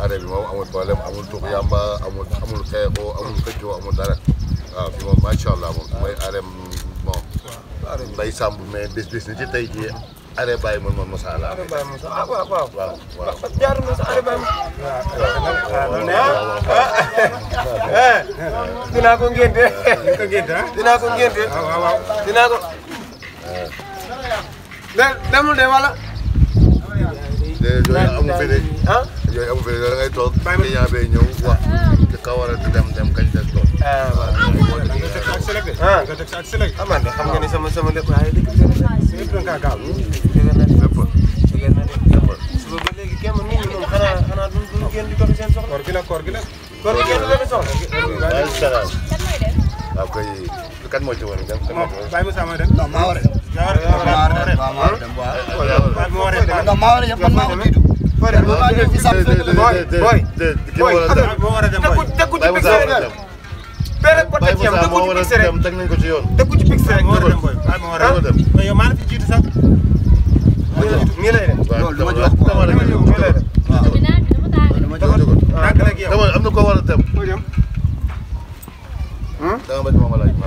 arrêt bi moom amul problème amul tuux yàmba amul amul xeexoo amul xëccoo amul dara waaw fi moom macha allah moom mooy arrêt bon mbay sàmb mais bis bis ni ci tey jii arrêt bàyyi man man Moussa laa. arrêt bàyyi Moussa ah waaw waaw. waaw waaw jaar Moussa arrêt bàyyi Moussa. waaw waaw ah, waaw ah, ah. dinaa ko ngénte. dinaa ko ngénte. waaw waaw dinaa ko. Eh. demul de wala. déedéet amul fi de ah. yooyu amu fi da ngay toog client bee ñëw wax ci kaw war a dem dem kañ des toog amanda xam nga ni sama sama lépp ay dëkk lépp nga gaaw lépp lépp suba ba léegi kenn nit ñi moom xanaa ini? duñ duñ génn di doxi seen soxla koor gi la koor gi la koor gi génn doxi soxla waaw koy kan moo ci war a dem bàyyi ma sama dem non maa war a dem maa war a dem maa war a dem maa war a dem maa war a dem maa war a dem boy boo maa ñëw ci sàmm fekk na boy boy boy dëkku ci picc rek la. benn côté ci yow dëkku ci picc rek teg nañ ko ci yoon. dëkku ci picc rek dëkku ci picc rek. yow maa la fi jiitu sax. nii lay def loolu dama jox ko dama lay def. dama am na ko war a dem. dama bëgg moom laaj ma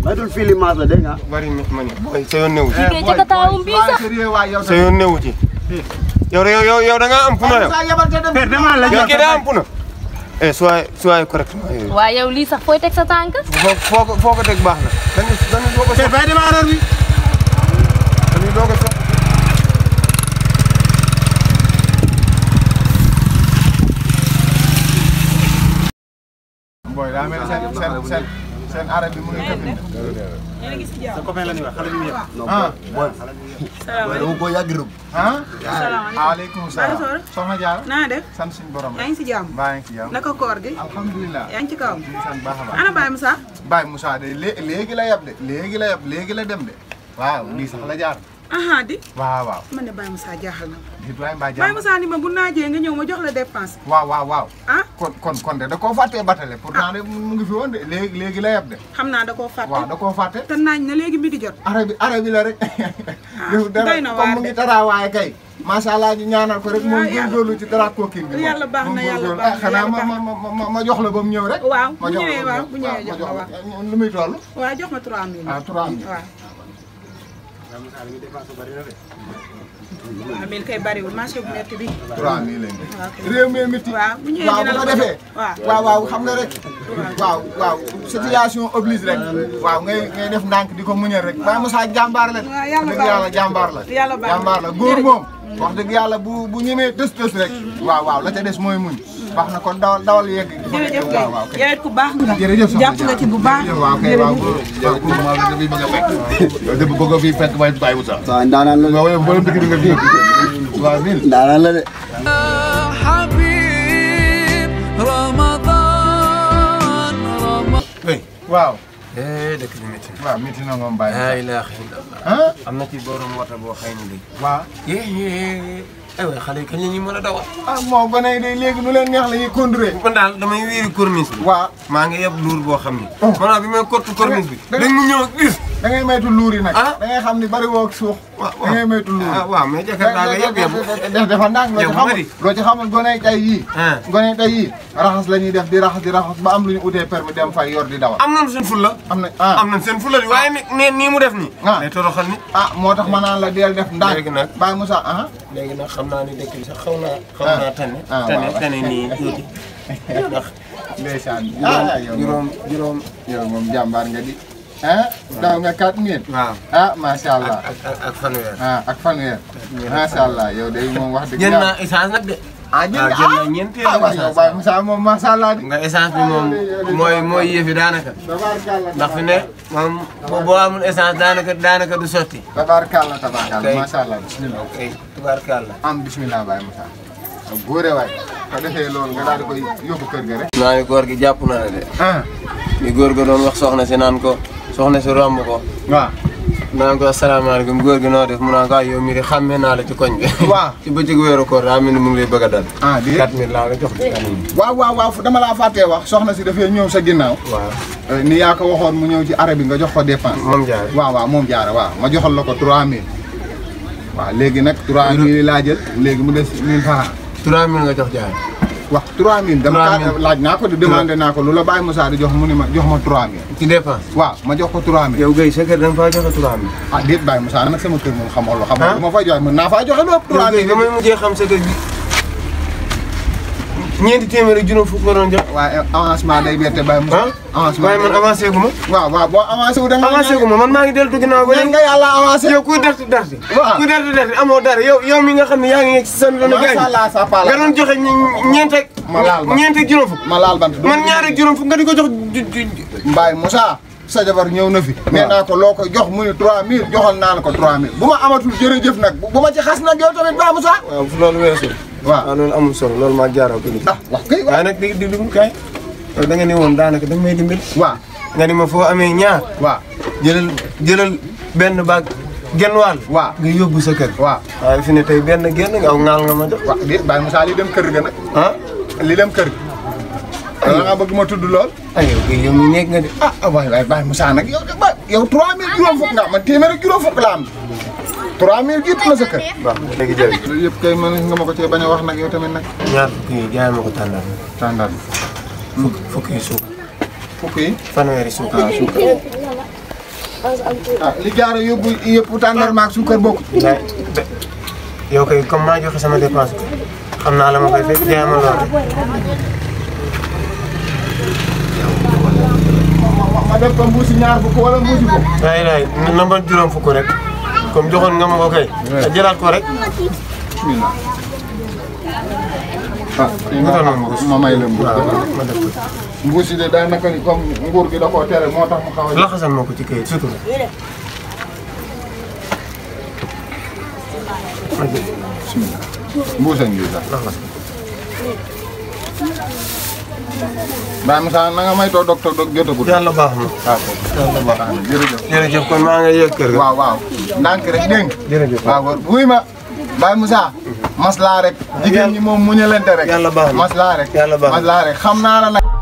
Badul fili masa dégg nga. bari ya ya eh, ma ne booy sa yoon newu ci. booy booy sa yoon newu ci. yow yow yow yow da eh soit soit correctement yooyu. waaw yow lii sax fooy teg sa tànk. foo ko foo ko teg baax na. dañu dañu doo ko. per seen arab bi mu ngi tëfin. sa copain la ñuy wax xale bi ñu yëpp. ah booy. salaamaaleykum booy booy yàgg rëbb. Ah. naa def sant suñu borom la. yaa ngi si jàmm baa ngi si jàmm. naka koor gi. alhamdulilah yaa ngi ci kaw. baax a baax ana Baye Moussa. Baye Moussa de léegi la yab de. léegi la dem de. waaw lii sax la jaar. aha di waaw waaw man bayam gitu Baye Moussa jaaxal bayam Ibrahima Baye Baye Moussa ni ma bu naajee nga ñëw ma jox la dépense waaw waaw waaw ah kon kon kon de da koo fàttee ya, batale pourtant ah. de mu ngi fi woon de léegi léegi la yeb de xam da koo fàtte waaw eh? da koo fàtte eh? te naaj na léegi mi di jot arabi arabi la rek doy na waar mu ngi taraawaay kay macha allah ñu ñaanal ko rek moom góorgóorlu ci dara kookin bi yàlla baax na yàlla baax na ma ma ma jox la ba mu rek waaw bu ñëwee waaw bu ñëwee jox la waaw lu muy toll waaw jox ma 3000 ah 3000 waaw waaw ah, mil kay bariwul marché ah, mi métti. waaw bu ñëwee xam nga rek. waaw waaw situation oblige rek. waaw ngay ngay def ndànk di ko muñal rek. waaw Moussa jàmbaar la. waaw yàlla jàmbaar la yàlla jàmbaar la góor moom. wax dëgg yàlla bu bu ñemee tës tës rek. Mhm. waaw waaw la des mooy muñ. baax na kon dawal dawal yeeg. jërëjëf kay yow it ku baax nga. jërëjëf nga ci bu baax. waaw kay waaw bu waaw ma la bi nga fekk. yow de bëgg fi fekk waaye bàyyi wu sax. waaw la de. waaw boo leen nga fi. waaw bil la de. Habib Ramadan. waaw. dëkk waaw na ci borom waaw. Eh aywa xale yi kañ la ñuy mën a dawal. ah moom de léegi nu leen neex la ñuy conduire. man daal damay wéeri corniche bi. waaw maa ngi yeb luur boo xam ni. Oh. maanaam bi may kottu corniche bi. dañ mu ñëw ak da ngay maytu luur yi nag. ah da ngay xam ni bari woo ak suux. Ah, waaw da ngay maytu luur yi. Ah, waaw mais jafe naa nga yëpp yëpp dafa loo ci xamul loo ci xamul gone tey yii. Ah. raxas la ñuy def di raxas di raxas ba am lu ñu utee permis dem fay di dawal. am nañ seen fulla. am nañ ah am nañ seen fulla waaye ni nii mu def nii. ah day toroxal ni. ah moo tax ma naan la deel def ndànk. léegi nag Baye Moussa ah. léegi nag xam naa ne dëkk bi xaw naa. xaw naa tane. ah waaw tane nii tuuti ndax. ndeysaan. ah yow moom juróom jàmbaar nga di eh daw nga kat ah, ah ma akfan ah, ya ah akfan ya ma sha Allah yow wah mom wax deug ñen na essence nak de ah ñen na ñenté la Enggak yow bay musa mau ma sha Allah nga essence bi mom moy moy yefi tabarakallah tabarakallah bismillah tabarakallah am bismillah bay musa ah, gore way ka defé lool nga dal koy yobbu kër ga rek gi ah ni goor ga doon wax soxna ci nan ko soxna si romb waaw. naan ko asalaamaaleykum góor gi noo def mu naan ko ah, mii de xàmmee naa ci koñ bi. waaw ci bëccëg weeru ni mu ngi lay bëgg a dal. ah déedéet 4000 la jox di. waaw dama laa fàttee wax soxna si dafay ñëw sa ginnaaw. waaw eh, ni yaa ko waxoon mu ñëw ci arab bi nga jox ko dépense. moom jaara waaw waaw moom jaara waaw ma joxal la ko 3000. waaw léegi nag 3000 laa jël léegi mu des 1000 francs. 3000 nga jox jaara. wax 3000. 3000 dama laaj naa ko demandé naa ko lu la Baye jox mu ne ma jox ma 3000. ci ma jox ko 3000. yow Guèye sa kër da nga faa joxe 3000. ah déet Baye Moussa nag sama kër moom xamoo lu. xamoo lu ma fay joxe mën naa faa joxe lu ëpp 3000. ñeenti téeméer ak juróom fukk la doon jox. waaw eh, avancement day bette bàyyi mu. Ah? man wu da nga. avancé gu ngi dellu ginnaaw ba. nga yàlla avancé yow mi nga xam ne yaa ngi nekk si sa. macha allah sa paala nga ma bant ma laal bant man di ko jox ju ju. Mbaye Moussa. sa jabar ñëw na fi nee naa ko loo ko jox muy 3000 joxal naa la ko 3000 bu ma amatul jërëjëf nag bu ma ci xas na yow tamit ba Moussa Wah, loolu amul solo loolu maa jaaroo ko nit ah wax kay waaye nag di di dugg kay da nga ne woon daanaka Wah, nga may dimbali Wah, nga ni ma foo amee Wah, waaw jëlal jëlal benn Wah, genn wàll waaw nga yóbbu sa kër waaw waaye Wah, ne tey benn genn nga aw ngaal nga ma jox waaw déet bàyyi Moussa li dem kër ga nag ah li dem kër ga da nga bëgg ma tudd lool ayow kay yow mi nekk nga de ah waay ah, waay bàyyi Moussa nag yow yow trois mille juróom fukk nga ma téeméer ak juróom fukk la am de gitu gi ma lagi kër. waaw léegi jërëjëf. loolu yëpp kay mën nga de ko cee bañ a wax nag gitu, yow ya, tamit nag. ñaar fukki yi jaay ma ko de tàndaan. fukk fukki yi suukar. fukki yi. fanweeri suukar ah suukar. ah li de yóbbu yëpp tàndar maag suukar bokku. Iya, yow ya, kay comme maa joxe sama dépense de la ma koy fekk jaay ma lool rek. ma def ko de ñaar fukk wala mbuusi ko. waaye laay rek. comme joxoon nga ma ko kay. jëlaat ko rek. bismillah. ah ma ma def ko mbuus yi de daanaka ni comme nguur gi da koo moo tax mu xaw a. laxasal ma ko ci kayit surtout. Ibrahima Sall na nga may toog toog toog jotagut. yàlla baax na d'accord ah, yàlla baax na jërëjëf. jërëjëf kon maa kër ga. waaw waaw ndànk rek dégg nga. jërëjëf waaw wuy ma Baye Moussa. maslaa rek. jigéen ñi moom muñalante rek. yàlla baax na maslaa rek. yàlla baax na maslaa rek xam naa la nag.